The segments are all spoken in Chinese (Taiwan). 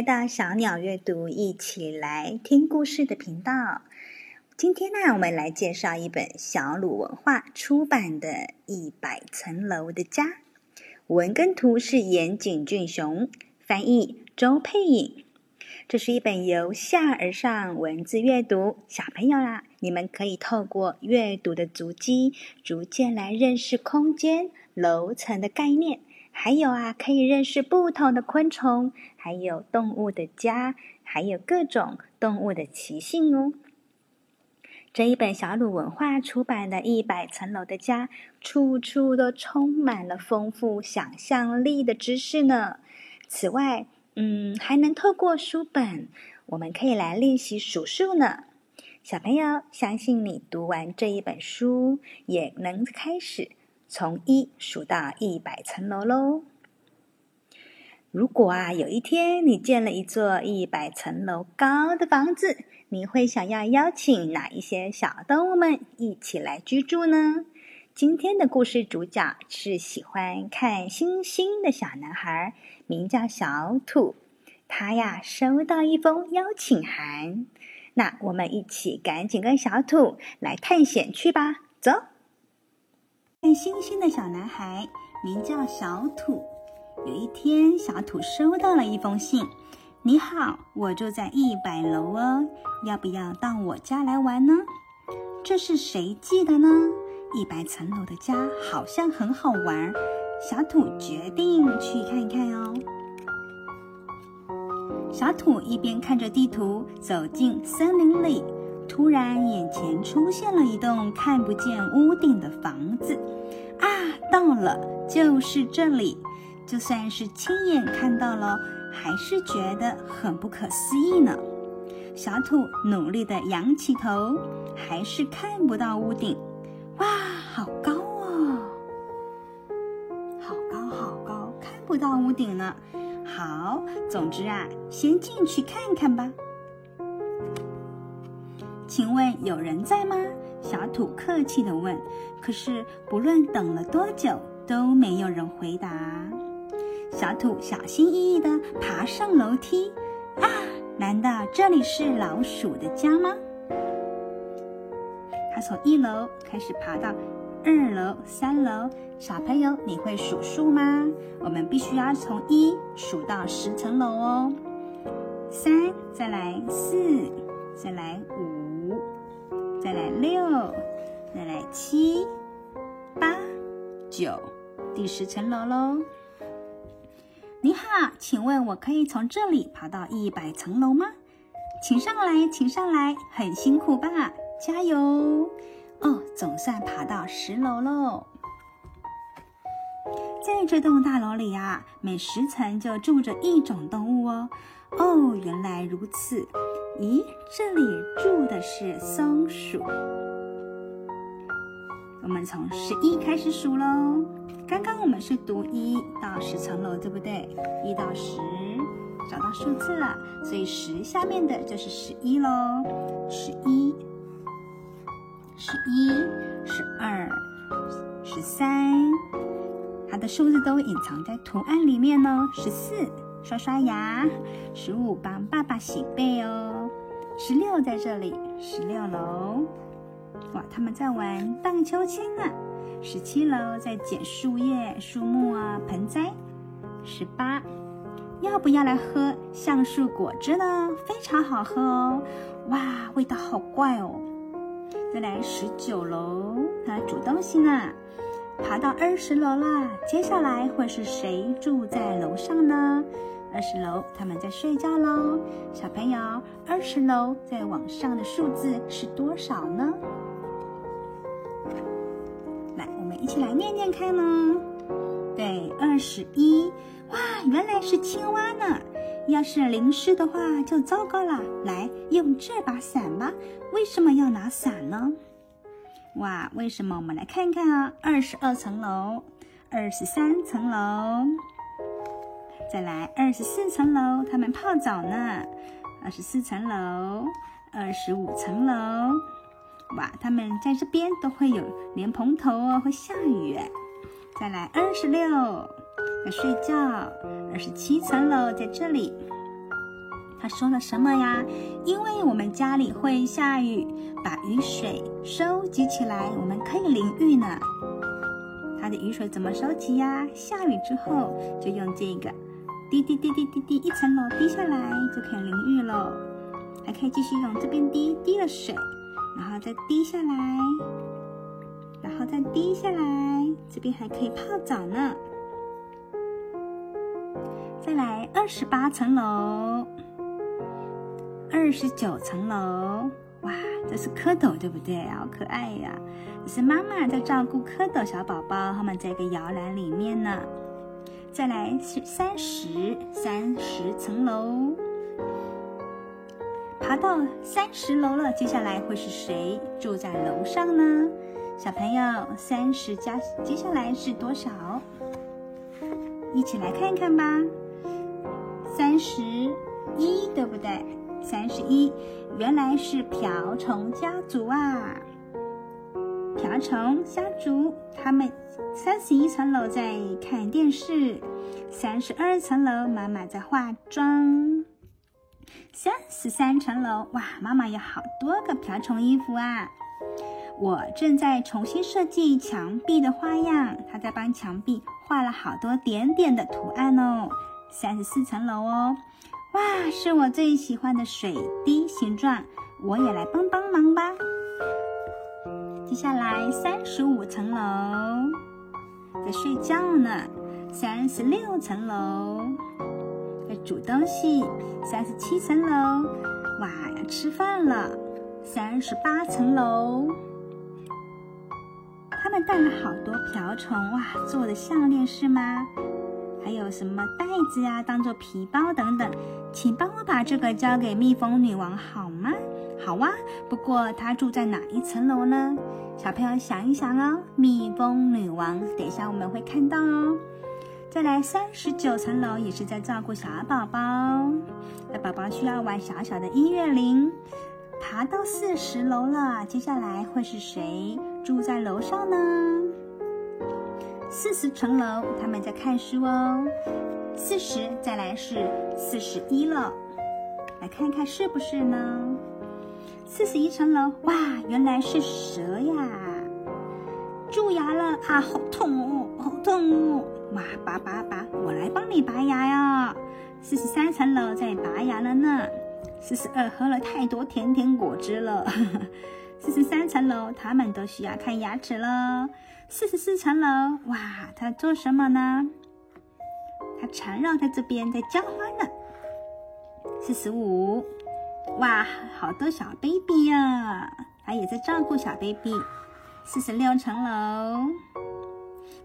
來到小鳥閱讀一起來聽故事的頻道。今天呢，我們來介紹一本小魯文化出版的《一百層樓的家》，文跟圖是岩井俊雄翻譯，周佩穎。這是一本由下而上文字閱讀，小朋友啦、啊，你們可以透過閱讀的足跡，逐漸來認識空間樓層的概念。還有啊，可以認識不同的昆蟲，還有動物的家，還有各種動物的習性哦。這一本小魯文化出版的《一百層樓的家》，處處都充滿了豐富想象力的知識呢。此外，嗯，還能透過書本，我們可以來練習數數呢。小朋友，相信你讀完這一本書，也能開始。從一數到一百層樓嘍！如果啊有一天你建了一座一百層樓高的房子，你會想要邀請哪一些小動物們一起來居住呢？今天的故事主角是喜歡看星星的小男孩，名叫小土。他呀收到一封邀請函，那我們一起趕緊跟小土來探險去吧，走！看星星的小男孩名叫小土。有一天，小土收到了一封信：“你好，我住在一百樓哦，要不要到我家來玩呢？”這是誰寄的呢？一百層樓的家好像很好玩，小土決定去看一看哦。小土一邊看着地圖，走進森林裡。突然，眼前出現了一棟看不見屋頂的房子，啊，到了，就是這裡！就算是親眼看到了，還是覺得很不可思議呢。小土努力地仰起頭，還是看不到屋頂。哇，好高哦！好高好高，看不到屋頂呢。好，總之啊，先進去看看吧。請問有人在嗎？小土客氣的問。可是不論等了多久，都沒有人回答。小土小心翼翼地爬上樓梯。啊，難道這裡是老鼠的家嗎？他從一樓開始爬到二樓、三樓。小朋友，你會數數嗎？我們必須要從一數到十層樓哦。三，再來四，再來五。再來六，再來七，八，九，第十層樓嘍！你好，請問我可以從這裡爬到一百層樓嗎？請上來，請上來，很辛苦吧？加油！哦，總算爬到十樓嘍。在這棟大樓裡呀，每十層就住着一種動物哦。哦，原來如此。咦，這裡住的是松鼠。我們從十一開始數嘍。剛剛我們是讀一到十層樓，對不對？一到十，找到數字了，所以十下面的就是十一嘍。十一，十一，十二，十三，它的數字都隱藏在圖案裡面哦。十四，刷刷牙。十五，幫爸爸洗背哦。十六在這裡，十六樓，哇，他們在玩盪秋千呢、啊。十七樓在撿樹葉、樹木啊、盆栽。十八，要不要來喝橡樹果汁呢？非常好喝哦，哇，味道好怪哦。再來十九樓，他、啊、在煮東西呢、啊。爬到二十樓啦，接下來會是誰住在樓上呢？二十樓，他們在睡覺嘍。小朋友，二十樓再往上的數字是多少呢？來，我們一起來念念看嘍。對，二十一。哇，原來是青蛙呢。要是淋濕的話就糟糕了。來，用這把傘吧。為什麼要拿傘呢？哇，為什麼？我們來看看啊，二十二層樓，二十三層樓。再來二十四層樓，他們泡澡呢。二十四層樓，二十五層樓，哇，他們在這邊都會有蓮蓬頭哦，會下雨。再來二十六，要睡覺。二十七層樓在這裡，他說了什麼呀？因為我們家裡會下雨，把雨水收集起來，我們可以淋浴呢。他的雨水怎麼收集呀？下雨之後就用這個。滴滴滴滴滴滴，一層樓滴下來就可以淋浴了，還可以繼續用這邊滴，滴了水，然後再滴下來，然後再滴下來，這邊還可以泡澡呢。再來二十八層樓，二十九層樓，哇，這是蝌蚪對不對？好可愛呀！啊！是媽媽在照顧蝌蚪小寶寶，他們在一個搖籃裡面呢。再來是三十三十層樓，爬到三十樓了。接下來會是誰住在樓上呢？小朋友，三十加，接下來是多少？一起來看一看吧。三十一，對不對？三十一，原來是瓢蟲家族啊。瓢蟲家族，他們三十一層樓在看電視，三十二層樓媽媽在化妝，三十三層樓哇，媽媽有好多個瓢蟲衣服啊！我正在重新設計牆壁的花樣，她在幫牆壁畫了好多點點的圖案哦。三十四層樓哦，哇，是我最喜歡的水滴形狀，我也來幫幫忙吧。接下來三十五層樓在睡覺呢，三十六層樓在煮東西，三十七層樓哇，要吃飯了，三十八層樓他們帶了好多瓢蟲哇，做的項鏈是嗎？還有什麼袋子，呀、啊、當做皮包等等。請幫我把這個交給蜜蜂女王好嗎？好哇、啊，不過她住在哪一層樓呢？小朋友想一想哦。蜜蜂女王，等一下我們會看到哦。再來三十九層樓也是在照顧小寶寶，那寶寶需要玩小小的音樂鈴。爬到四十樓了，接下來會是誰住在樓上呢？四十層樓，他們在看書哦。四十，再來是四十一了，來看看是不是呢？四十一層樓，哇，原來是蛇呀！蛀牙了啊，好痛哦，好痛哦！哇，拔拔拔，我來幫你拔牙呀！四十三層樓在拔牙了呢。四十二喝了太多甜甜果汁了。四十三層樓，他們都需要看牙齒了。四十四層樓，哇，它做什麼呢？它纏繞在這邊在澆花呢。四十五。哇，好多小 baby 呀、啊！他也在照顧小 baby。四十六層樓，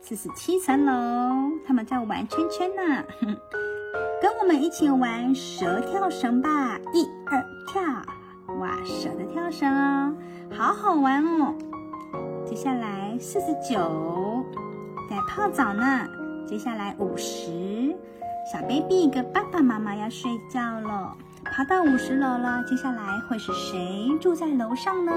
四十七層樓，他們在玩圈圈呢、啊。跟我們一起玩蛇跳繩吧！一二跳，哇，蛇的跳繩哦，好好玩哦。接下來四十九在泡澡呢。接下來五十，小 baby 跟爸爸媽媽要睡覺囉。爬到五十樓了，接下來會是誰住在樓上呢？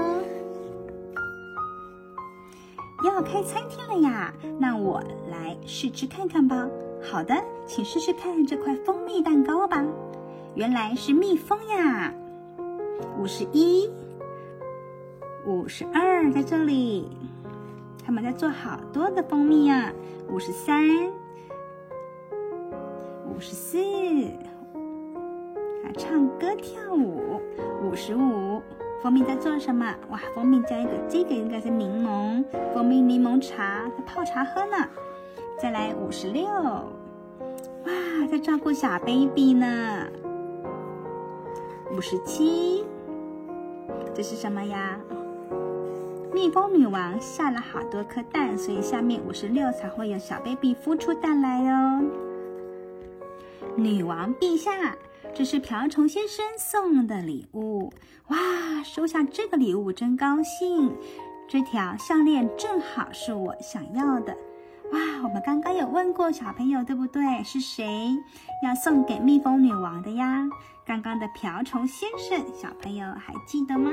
要開餐廳了呀，那我來試吃看看吧。好的，請試試看這塊蜂蜜蛋糕吧。原來是蜜蜂呀！五十一、五十二，在這裡，他們在做好多的蜂蜜呀。五十三、五十四。唱歌跳舞，五十五。蜂蜜在做什麼？哇，蜂蜜加一個，這個應該是檸檬。蜂蜜檸檬茶，在泡茶喝呢。再來五十六，哇，在照顧小 baby 呢。五十七，這是什麼呀？蜜蜂女王下了好多顆蛋，所以下面五十六才會有小 baby 孵出蛋來喲。女王陛下。這是瓢蟲先生送的禮物，哇！收下這個禮物真高興。這條項鏈正好是我想要的，哇！我們剛剛有問過小朋友，對不對？是誰要送給蜜蜂女王的呀？剛剛的瓢蟲先生，小朋友還記得嗎？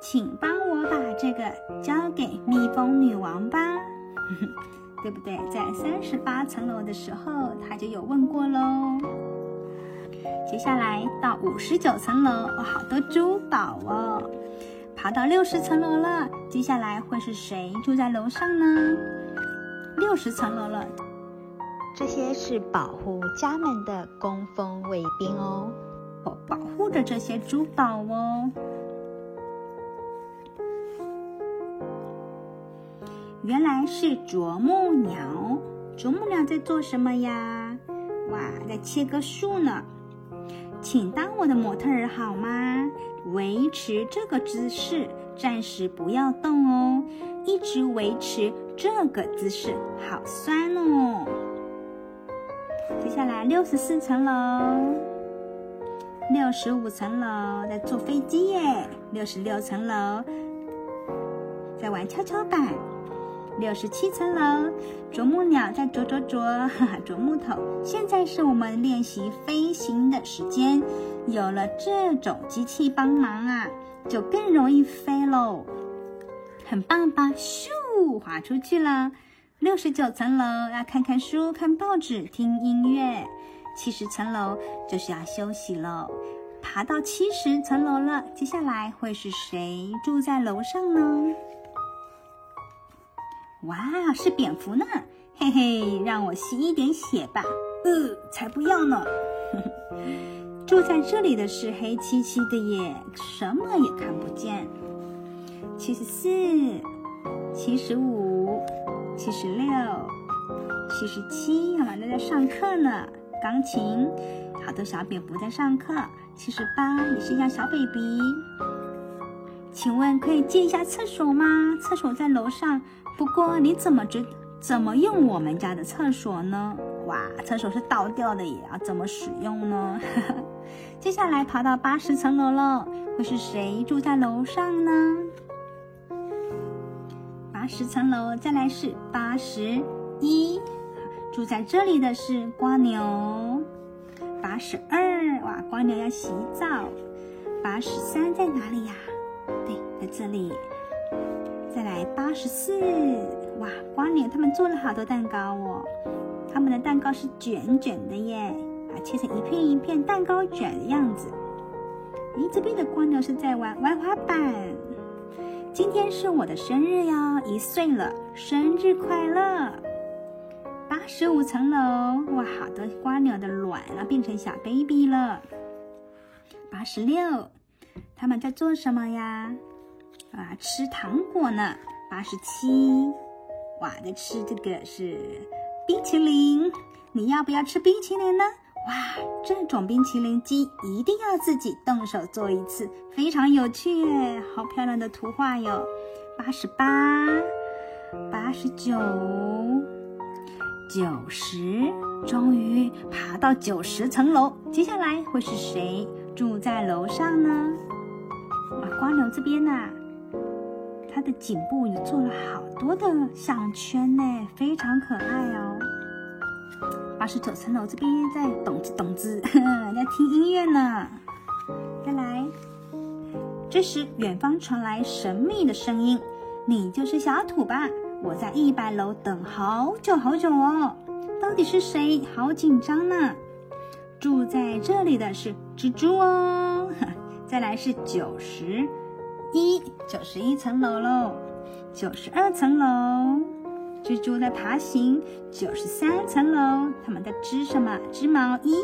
請幫我把這個交給蜜蜂女王吧。呵呵對不對？在三十八層樓的時候，他就有問過嘍。接下來到五十九層樓，哇，好多珠寶哦！爬到六十層樓了，接下來會是誰住在樓上呢？六十層樓了，這些是保護家門的工蜂衛兵哦，保護着這些珠寶哦。原來是啄木鳥，啄木鳥在做什麼呀？哇，在切個樹呢。請當我的模特兒好嗎？維持這個姿勢，暫時不要動哦。一直維持這個姿勢，好酸哦。接下來六十四層樓，六十五層樓在坐飛機耶，六十六層樓在玩蹺蹺板。六十七層樓，啄木鳥在啄啄啄，哈哈，啄木頭。現在是我們練習飛行的時間，有了這種機器幫忙啊，就更容易飛嘍，很棒吧？咻，滑出去了。六十九層樓，要看看書、看報紙、聽音樂，七十層樓就是要休息嘍。爬到七十層樓了，接下來會是誰住在樓上呢？哇，是蝙蝠呢，嘿嘿，讓我吸一點血吧。嗯、呃，才不要呢呵呵。住在這裡的是黑漆漆的耶，什麼也看不見。七十四，七十五，七十六，七十七，好嘛，正在上課呢。鋼琴，好多小蝙蝠在上課。七十八，也是一樣小 baby，請問可以借一下廁所嗎？廁所在樓上。不過你怎麼只怎麼用我們家的廁所呢？哇，廁所是倒吊的，也要怎麼使用呢？呵呵，接下來爬到八十層樓了，會是誰住在樓上呢？八十層樓，再來是八十一，住在這裡的是蝸牛。八十二，哇，蝸牛要洗澡。八十三在哪裡呀、啊？對，在這裡。再來八十四，84, 哇，蝸牛他們做了好多蛋糕哦，他們的蛋糕是卷卷的耶，啊，切成一片一片蛋糕卷的樣子。咦，這邊的蝸牛是在玩玩滑板。今天是我的生日喲，一歲了，生日快樂！八十五層樓，哇，好多蝸牛的卵啊，變成小 baby 了。八十六，他們在做什麼呀？啊，吃糖果呢，八十七。哇，在吃這個是冰淇淋，你要不要吃冰淇淋呢？哇，這種冰淇淋機一定要自己動手做一次，非常有趣耶！好漂亮的圖畫喲，八十八，八十九，九十，終於爬到九十層樓，接下來會是誰住在樓上呢？啊，光樓這邊吶、啊。它的頸部也做了好多的項圈呢，非常可愛哦。八十九層樓，這邊在咚滋咚滋，要聽音樂呢。再來。這時，遠方傳來神秘的聲音：“你就是小土吧？我在一百樓等好久好久哦，到底是誰？好緊張呢。”住在這裡的是蜘蛛哦。再來是九十。一九十一層樓嘍，九十二層樓，蜘蛛在爬行。九十三層樓，它們在織什麼？織毛衣。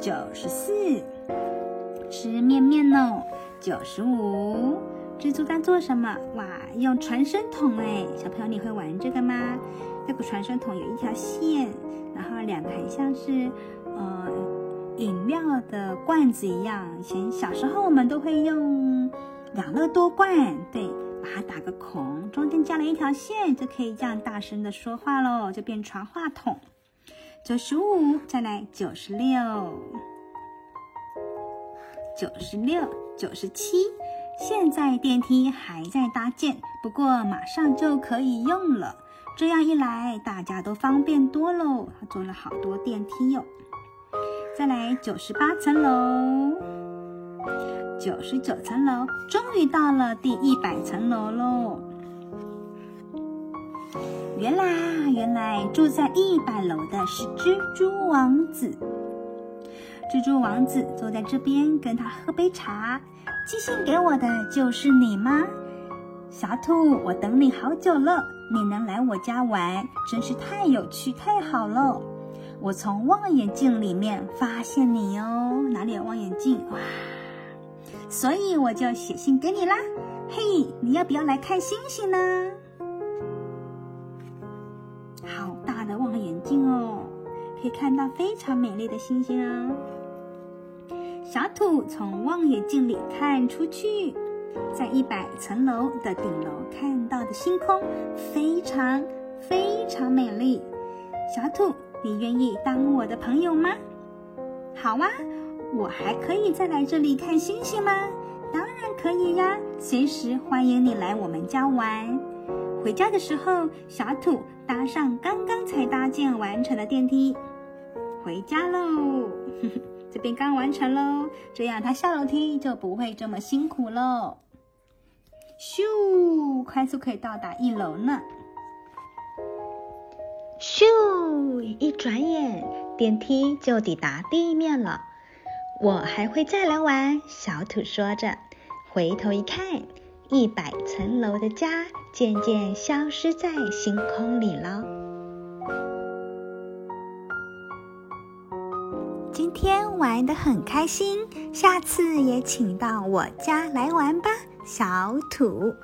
九十四，吃麵麵嘍。九十五，蜘蛛在做什麼？哇，用傳聲筒哎！小朋友，你會玩這個嗎？這個傳聲筒有一條線，然後兩個很像是，呃，飲料的罐子一樣。以前小時候我們都會用。養樂多罐，對，把它打個孔，中間加了一條線，就可以這樣大聲的說話嘍，就變傳話筒。九十五，再來九十六，九十六，九十七。現在電梯還在搭建，不過馬上就可以用了。這樣一來，大家都方便多嘍。做了好多電梯喲。再來九十八層樓。九十九層樓，終於到了第一百層樓嘍！原來，原來住在一百樓的是蜘蛛王子。蜘蛛王子坐在這邊，跟他喝杯茶。寄信給我的就是你嗎，小兔？我等你好久了，你能來我家玩，真是太有趣，太好了！我從望遠鏡裡面發現你哦，哪裡有望遠鏡？哇！所以我就寫信給你啦，嘿，你要不要來看星星呢？好大的望遠鏡哦，可以看到非常美麗的星星哦！小土從望遠鏡裡看出去，在一百層樓的頂樓看到的星空非常非常美麗。小土，你願意當我的朋友嗎？好啊！我還可以再來這裡看星星嗎？當然可以呀，隨時歡迎你來我們家玩。回家的時候，小土搭上剛剛才搭建完成的電梯，回家嘍！這邊剛完成嘍，這樣他下樓梯就不會這麼辛苦嘍。咻，快速可以到達一樓呢。咻，一轉眼，電梯就抵達地面了。我還會再來玩，小土說着，回頭一看，一百層樓的家漸漸消失在星空裡了。今天玩得很開心，下次也請到我家來玩吧，小土。